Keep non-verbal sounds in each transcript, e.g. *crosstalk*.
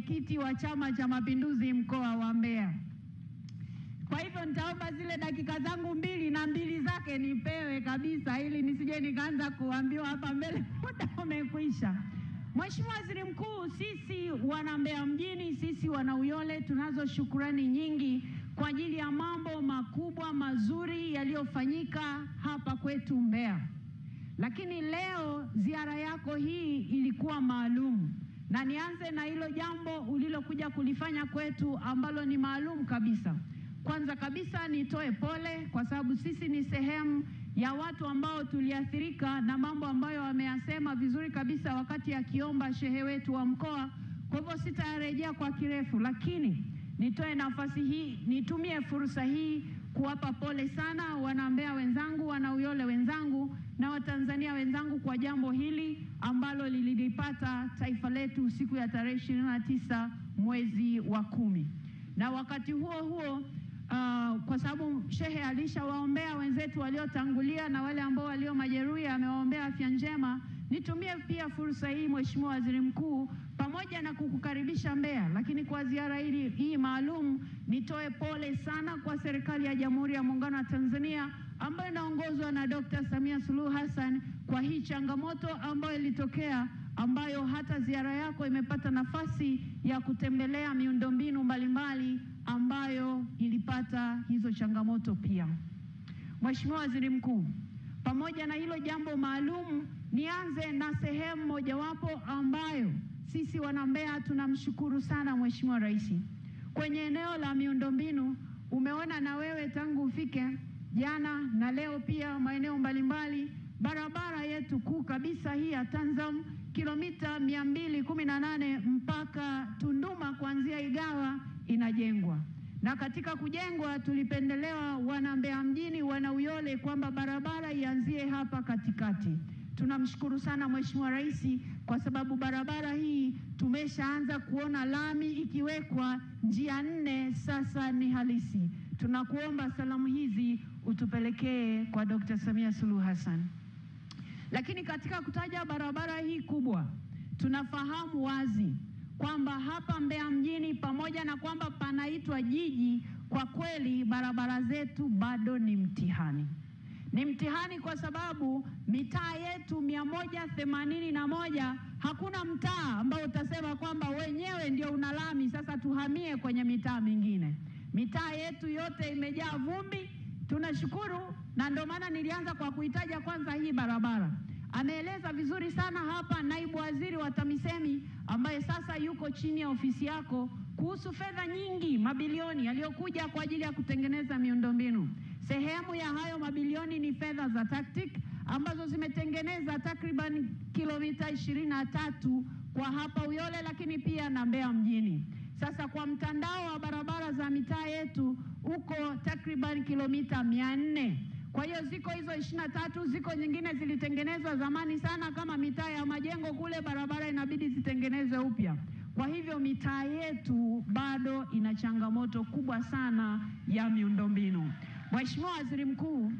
mwenyekiti wa Chama cha Mapinduzi mkoa wa Mbeya. Kwa hivyo nitaomba zile dakika zangu mbili na mbili zake nipewe kabisa, ili nisije nikaanza kuambiwa hapa mbele *laughs* muda umekwisha. Mheshimiwa Waziri Mkuu, sisi wana Mbeya mjini, sisi wana Uyole tunazo shukurani nyingi kwa ajili ya mambo makubwa mazuri yaliyofanyika hapa kwetu Mbeya, lakini leo ziara yako hii ilikuwa maalum. Na nianze na hilo jambo ulilokuja kulifanya kwetu ambalo ni maalum kabisa. Kwanza kabisa nitoe pole kwa sababu sisi ni sehemu ya watu ambao tuliathirika na mambo ambayo wameyasema vizuri kabisa wakati akiomba shehe wetu wa mkoa. Kwa hivyo sitarejea kwa kirefu, lakini nitoe nafasi hii, nitumie fursa hii kuwapa pole sana wanambea wenzangu, wanauyole wenzangu na Watanzania wenzangu kwa jambo hili ambalo lililipata taifa letu siku ya tarehe ishirini na tisa mwezi wa kumi. Na wakati huo huo uh, kwa sababu shehe alishawaombea wenzetu waliotangulia na wale ambao walio majeruhi amewaombea afya njema. Nitumie pia fursa hii Mheshimiwa Waziri Mkuu, pamoja na kukukaribisha Mbeya, lakini kwa ziara hii, hii maalum nitoe pole sana kwa serikali ya Jamhuri ya Muungano wa Tanzania ambayo inaongozwa na Dr. Samia Suluhu Hassan kwa hii changamoto ambayo ilitokea ambayo hata ziara yako imepata nafasi ya kutembelea miundombinu mbalimbali ambayo ilipata hizo changamoto pia. Mheshimiwa Waziri Mkuu, pamoja na hilo jambo maalum Nianze na sehemu mojawapo ambayo sisi wanambea tunamshukuru sana Mheshimiwa Rais kwenye eneo la miundombinu. Umeona na wewe tangu ufike jana na leo pia maeneo mbalimbali, barabara yetu kuu kabisa hii ya Tanzam kilomita 218 mpaka Tunduma kuanzia Igawa inajengwa, na katika kujengwa tulipendelewa wanambea mjini, wanauyole kwamba barabara ianzie hapa katikati. Tunamshukuru sana Mheshimiwa Rais kwa sababu barabara hii tumeshaanza kuona lami ikiwekwa njia nne, sasa ni halisi. Tunakuomba salamu hizi utupelekee kwa Dr. Samia Suluhu Hassan. Lakini katika kutaja barabara hii kubwa, tunafahamu wazi kwamba hapa Mbeya mjini pamoja na kwamba panaitwa jiji, kwa kweli barabara zetu bado ni mtihani. Ni mtihani kwa sababu mitaa yetu mia moja themanini na moja hakuna mtaa ambao utasema kwamba wenyewe ndio una lami, sasa tuhamie kwenye mitaa mingine. Mitaa yetu yote imejaa vumbi. Tunashukuru, na ndio maana nilianza kwa kuitaja kwanza hii barabara. Ameeleza vizuri sana hapa naibu waziri wa TAMISEMI ambaye sasa yuko chini ya ofisi yako kuhusu fedha nyingi, mabilioni yaliyokuja kwa ajili ya kutengeneza miundombinu. Sehemu ya hayo mabilioni ni fedha za TACTIC ambazo zimetengeneza takriban kilomita ishirini na tatu kwa hapa Uyole, lakini pia na Mbeya mjini. Sasa kwa mtandao wa barabara za mitaa yetu uko takriban kilomita mia nne. Kwa hiyo ziko hizo ishirini na tatu, ziko nyingine zilitengenezwa zamani sana kama mitaa ya majengo kule, barabara inabidi zitengenezwe upya. Kwa hivyo mitaa yetu bado ina changamoto kubwa sana ya miundombinu. Mheshimiwa Waziri Mkuu,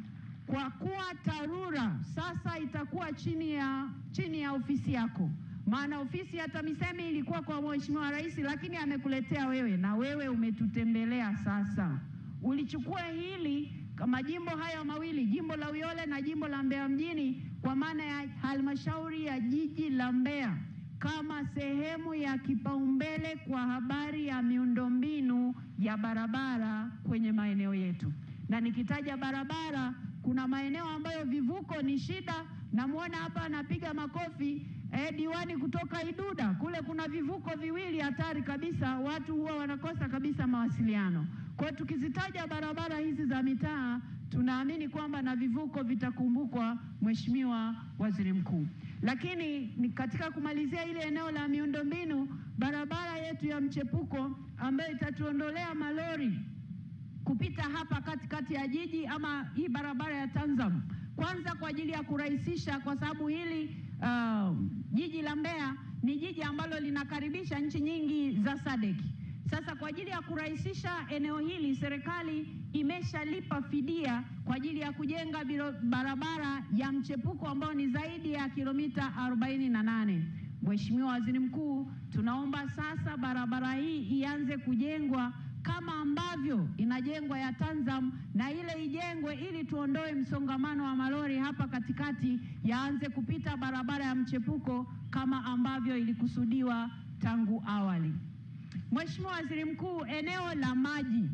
kwa kuwa TARURA sasa itakuwa chini ya chini ya ofisi yako, maana ofisi ya TAMISEMI ilikuwa kwa Mheshimiwa Rais, lakini amekuletea wewe na wewe umetutembelea sasa, ulichukua hili majimbo haya mawili, jimbo la Uyole na jimbo la Mbeya mjini, kwa maana ya halmashauri ya jiji la Mbeya kama sehemu ya kipaumbele kwa habari ya miundombinu ya barabara kwenye maeneo yetu na nikitaja barabara, kuna maeneo ambayo vivuko ni shida. Namwona hapa anapiga makofi eh, diwani kutoka Iduda kule, kuna vivuko viwili hatari kabisa, watu huwa wanakosa kabisa mawasiliano. Kwa tukizitaja barabara hizi za mitaa, tunaamini kwamba na vivuko vitakumbukwa, Mheshimiwa Waziri Mkuu. Lakini katika kumalizia ile eneo la miundombinu, barabara yetu ya mchepuko ambayo itatuondolea malori kupita hapa katikati ya jiji ama hii barabara ya Tanzam, kwanza kwa ajili ya kurahisisha, kwa sababu hili uh, jiji la Mbeya ni jiji ambalo linakaribisha nchi nyingi za SADC. Sasa kwa ajili ya kurahisisha eneo hili, serikali imeshalipa fidia kwa ajili ya kujenga barabara ya mchepuko ambao ni zaidi ya kilomita 48. Mheshimiwa Waziri Mkuu, tunaomba sasa barabara hii ianze kujengwa kama ambavyo inajengwa ya Tanzam, na ile ijengwe ili tuondoe msongamano wa malori hapa katikati, yaanze kupita barabara ya mchepuko kama ambavyo ilikusudiwa tangu awali. Mheshimiwa Waziri Mkuu, eneo la maji,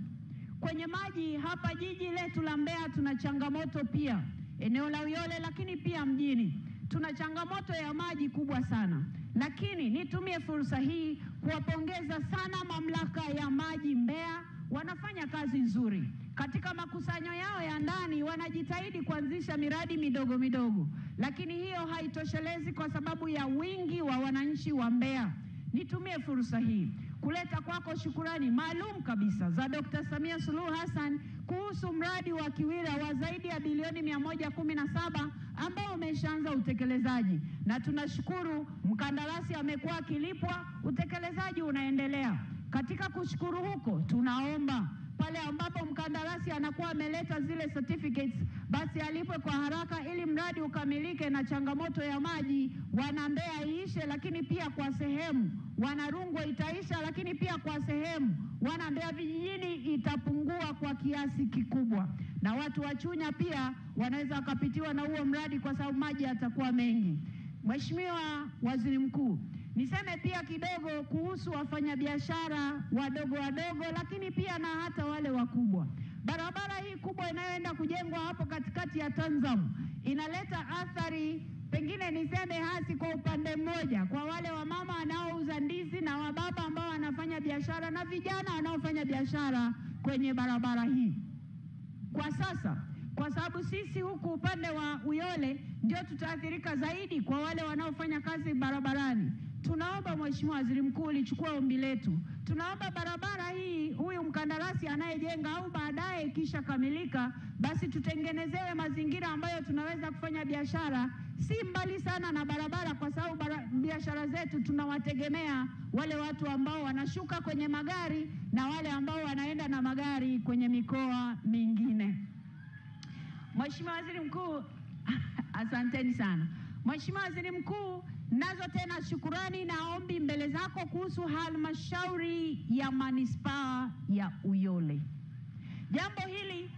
kwenye maji hapa jiji letu la Mbeya tuna changamoto pia, eneo la Uyole, lakini pia mjini tuna changamoto ya maji kubwa sana. Lakini nitumie fursa hii kuwapongeza sana mamlaka ya maji Mbeya, wanafanya kazi nzuri katika makusanyo yao ya ndani, wanajitahidi kuanzisha miradi midogo midogo, lakini hiyo haitoshelezi kwa sababu ya wingi wa wananchi wa Mbeya nitumie fursa hii kuleta kwako shukurani maalum kabisa za Dr. Samia Suluhu Hassan kuhusu mradi wa Kiwira wa zaidi ya bilioni 117 ambao umeshaanza utekelezaji, na tunashukuru mkandarasi amekuwa akilipwa, utekelezaji unaendelea. Katika kushukuru huko, tunaomba pale ambapo mkandarasi anakuwa ameleta zile certificates basi alipwe kwa haraka ili mradi ukamilike na changamoto ya maji wana Mbeya iishe, lakini pia kwa sehemu wana Rungwe itaisha, lakini pia kwa sehemu wana Mbeya vijijini itapungua kwa kiasi kikubwa, na watu wa Chunya pia wanaweza wakapitiwa na huo mradi kwa sababu maji yatakuwa mengi. Mheshimiwa Waziri Mkuu, niseme pia kidogo kuhusu wafanyabiashara wadogo wadogo, lakini pia na hata wale wakubwa. Barabara hii kubwa inayoenda kujengwa hapo katikati ya Tanzam inaleta athari Pengine niseme hasi kwa upande mmoja, kwa wale wamama wanaouza ndizi na wababa ambao wanafanya biashara na vijana wanaofanya biashara kwenye barabara hii kwa sasa, kwa sababu sisi huku upande wa Uyole ndio tutaathirika zaidi, kwa wale wanaofanya kazi barabarani Tunaomba Mheshimiwa Waziri Mkuu ulichukua ombi letu. Tunaomba barabara hii, huyu mkandarasi anayejenga au baadaye ikishakamilika, basi tutengenezewe mazingira ambayo tunaweza kufanya biashara si mbali sana na barabara, kwa sababu bara, biashara zetu tunawategemea wale watu ambao wanashuka kwenye magari na wale ambao wanaenda na magari kwenye mikoa mingine. Mheshimiwa Waziri Mkuu, *laughs* asanteni sana. Mheshimiwa Waziri Mkuu, Nazo tena shukurani na ombi mbele zako kuhusu halmashauri ya manispaa ya Uyole. Jambo hili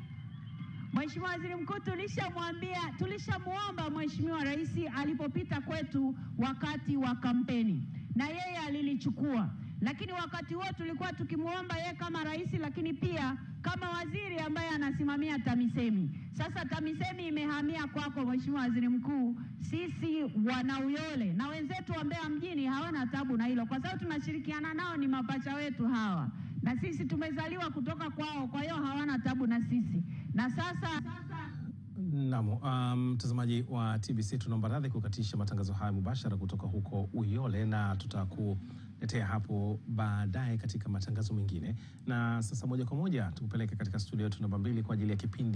Mheshimiwa Waziri Mkuu, tulishamwambia tulishamwomba Mheshimiwa Rais alipopita kwetu wakati wa kampeni, na yeye alilichukua, lakini wakati huo tulikuwa tukimwomba yeye kama rais, lakini pia kama waziri ambaye unasimamia TAMISEMI. Sasa TAMISEMI imehamia kwako, Mheshimiwa Waziri Mkuu. Sisi wana Uyole na wenzetu wa Mbeya mjini hawana tabu na hilo, kwa sababu tunashirikiana nao, ni mapacha wetu hawa, na sisi tumezaliwa kutoka kwao, kwa hiyo hawana tabu na sisi. Na sasa, sasa... Naam, um, mtazamaji um, wa TBC tunaomba radhi kukatisha matangazo haya mubashara kutoka huko Uyole na tutakuwa tutakuletea hapo baadaye katika matangazo mengine, na sasa moja kwa moja tukupeleke katika studio yetu namba mbili kwa ajili ya kipindi